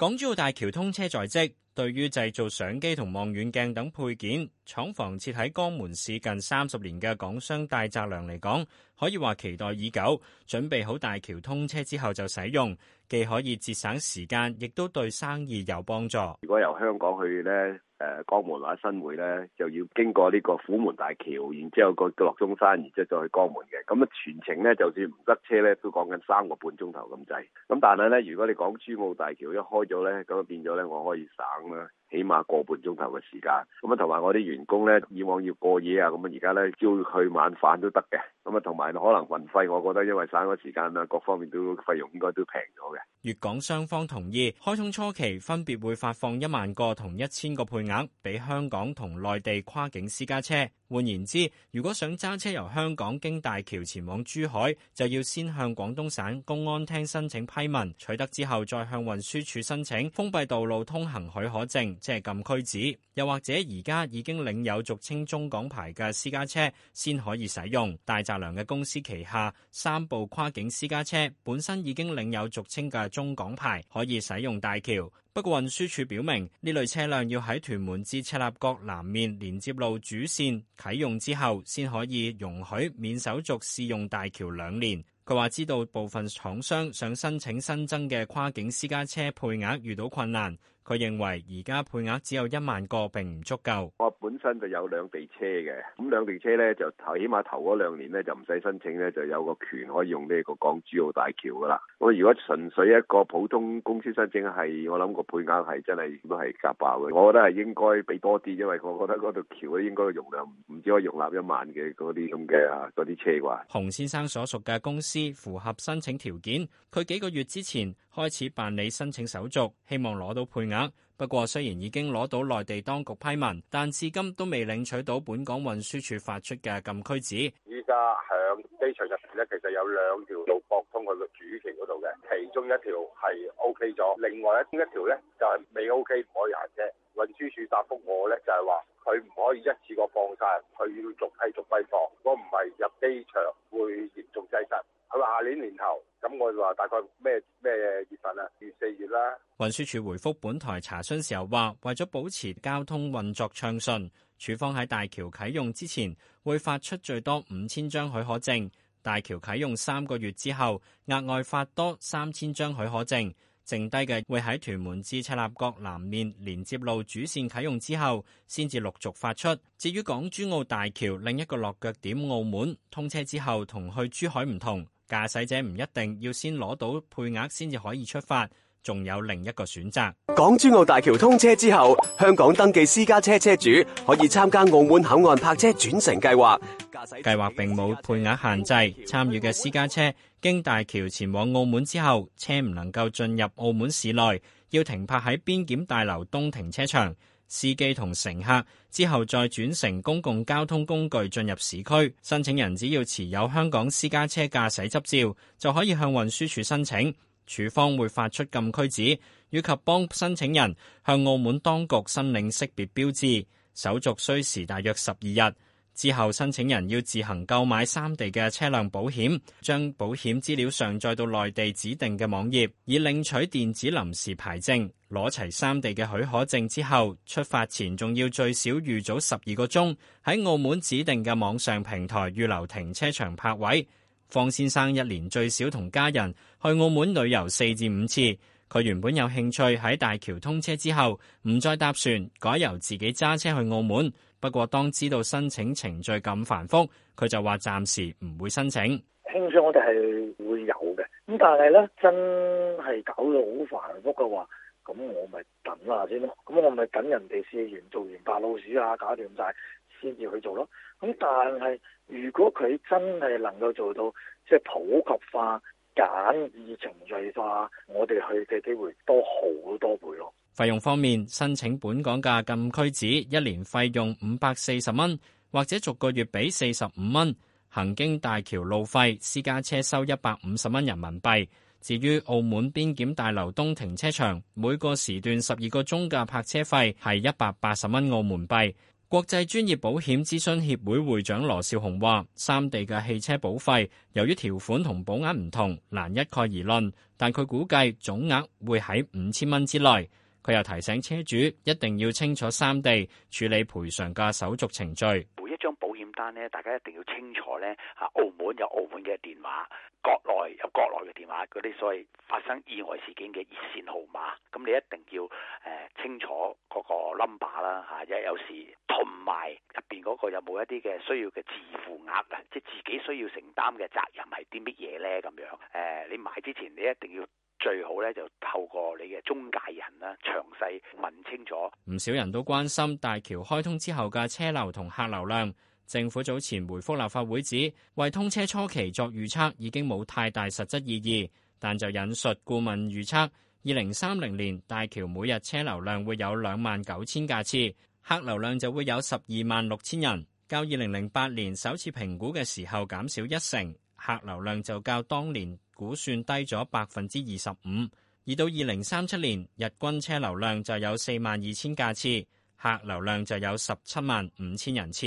港珠澳大橋通車在即，對於製造相機同望遠鏡等配件，廠房設喺江門市近三十年嘅港商大宅良嚟講，可以話期待已久，準備好大橋通車之後就使用，既可以節省時間，亦都對生意有幫助。如果由香港去呢，誒、呃、江門或者新會呢，就要經過呢個虎門大橋，然之後個落中山，然之後再去江門嘅，咁啊全程呢，就算唔塞車呢，都講緊三個半鐘頭咁滯。咁但係呢，如果你講珠澳大橋一開咗呢，咁就變咗呢，我可以省啦，起碼個半鐘頭嘅時間。咁啊同埋我啲原員工咧，以往要過夜啊，咁啊而家咧，朝去晚飯都得嘅，咁啊同埋可能運費我覺得因為省咗時間啊各方面都費用應該都平咗嘅。粵港雙方同意開通初期分別會發放一萬個同一千個配額俾香港同內地跨境私家車，換言之，如果想揸車由香港經大橋前往珠海，就要先向廣東省公安廳申請批文，取得之後再向運輸署申請封閉道路通行許可證，即係禁區紙，又或者而家已經。領有俗稱中港牌嘅私家車先可以使用。大澤良嘅公司旗下三部跨境私家車本身已經領有俗稱嘅中港牌，可以使用大橋。不過運輸署表明，呢類車輛要喺屯門至赤鱲角南面連接路主線啟用之後，先可以容許免手續試用大橋兩年。佢話知道部分廠商想申請新增嘅跨境私家車配額遇到困難。佢認為而家配額只有一萬個，並唔足夠。我本身就有兩地車嘅，咁兩地車咧就頭起碼頭嗰兩年咧就唔使申請咧，就有個權可以用呢個港珠澳大橋噶啦。我如果純粹一個普通公司申請，係我諗個配額係真係都係夾爆嘅。我覺得係應該俾多啲，因為我覺得嗰度橋咧應該容量唔知只可以容納一萬嘅嗰啲咁嘅啊啲車啩。洪先生所屬嘅公司符合申請條件，佢幾個月之前開始辦理申請手續，希望攞到配。不過雖然已經攞到內地當局批文，但至今都未領取到本港運輸署發出嘅禁區紙。依家響機場入邊呢，其實有兩條路駁通佢個主橋嗰度嘅，其中一條係 OK 咗，另外一條呢就係、是、未 OK，唔可以行車。運輸署答覆我呢，就係話，佢唔可以一次過放晒，佢要逐批逐批放。如果唔係入機場會嚴重擠塞。佢話下年年頭，咁我哋話大概。運輸署回覆本台查詢時候話，為咗保持交通運作暢順，署方喺大橋啟用之前會發出最多五千張許可證，大橋啟用三個月之後額外發多三千張許可證，剩低嘅會喺屯門至赤鱲角南面連接路主線啟用之後先至陸續發出。至於港珠澳大橋另一個落腳點澳門通車之後，同去珠海唔同。駕駛者唔一定要先攞到配額先至可以出發，仲有另一個選擇。港珠澳大橋通車之後，香港登記私家車車主可以參加澳門口岸泊車轉乘計劃。計劃並冇配額限制，參與嘅私家車經大橋前往澳門之後，車唔能夠進入澳門市內，要停泊喺邊檢大樓東停車場。司機同乘客之後再轉乘公共交通工具進入市區。申請人只要持有香港私家車駕駛執照，就可以向運輸署申請。署方會發出禁區紙，以及幫申請人向澳門當局申領識別標誌。手續需時大約十二日。之後，申請人要自行購買三地嘅車輛保險，將保險資料上載到內地指定嘅網頁，以領取電子臨時牌證。攞齊三地嘅許可證之後，出發前仲要最少預早十二個鐘喺澳門指定嘅網上平台預留停車場泊位。方先生一年最少同家人去澳門旅遊四至五次。佢原本有興趣喺大橋通車之後，唔再搭船，改由自己揸車去澳門。不過當知道申請程序咁繁複，佢就話暫時唔會申請。興趣我哋係會有嘅，咁但係咧真係搞到好繁複嘅話，咁我咪等下先咯。咁我咪等人哋試完做完白老鼠啊，搞掂晒先至去做咯。咁但係如果佢真係能夠做到即係、就是、普及化、簡易程序化，我哋去嘅機會多好多倍咯。費用方面，申請本港嘅禁區紙，一年費用五百四十蚊，或者逐個月俾四十五蚊。行經大橋路費，私家車收一百五十蚊人民幣。至於澳門邊檢大樓東停車場，每個時段十二個鐘嘅泊車費係一百八十蚊澳門幣。國際專業保險諮詢協會會長羅少雄話，三地嘅汽車保費由於條款同保額唔同，難一概而論，但佢估計總額會喺五千蚊之內。佢又提醒車主一定要清楚三地處理賠償嘅手續程序。每一張保險單咧，大家一定要清楚咧嚇。澳門有澳門嘅電話，國內有國內嘅電話，嗰啲所謂發生意外事件嘅熱線號碼，咁你一定要誒、呃、清楚嗰個 number 啦嚇，又有時同埋入邊嗰個有冇一啲嘅需要嘅自負額啊？即係自己需要承擔嘅責任係啲乜嘢咧？咁樣誒、呃，你買之前你一定要。最好咧就透過你嘅中介人啦，詳細問清楚。唔少人都關心大橋開通之後嘅車流同客流量。政府早前回覆立法會指，為通車初期作預測已經冇太大實質意義，但就引述顧問預測，二零三零年大橋每日車流量會有兩萬九千架次，客流量就會有十二萬六千人，較二零零八年首次評估嘅時候減少一成，客流量就較當年估算低咗百分之二十五，而到二零三七年，日均車流量就有四萬二千架次，客流量就有十七萬五千人次。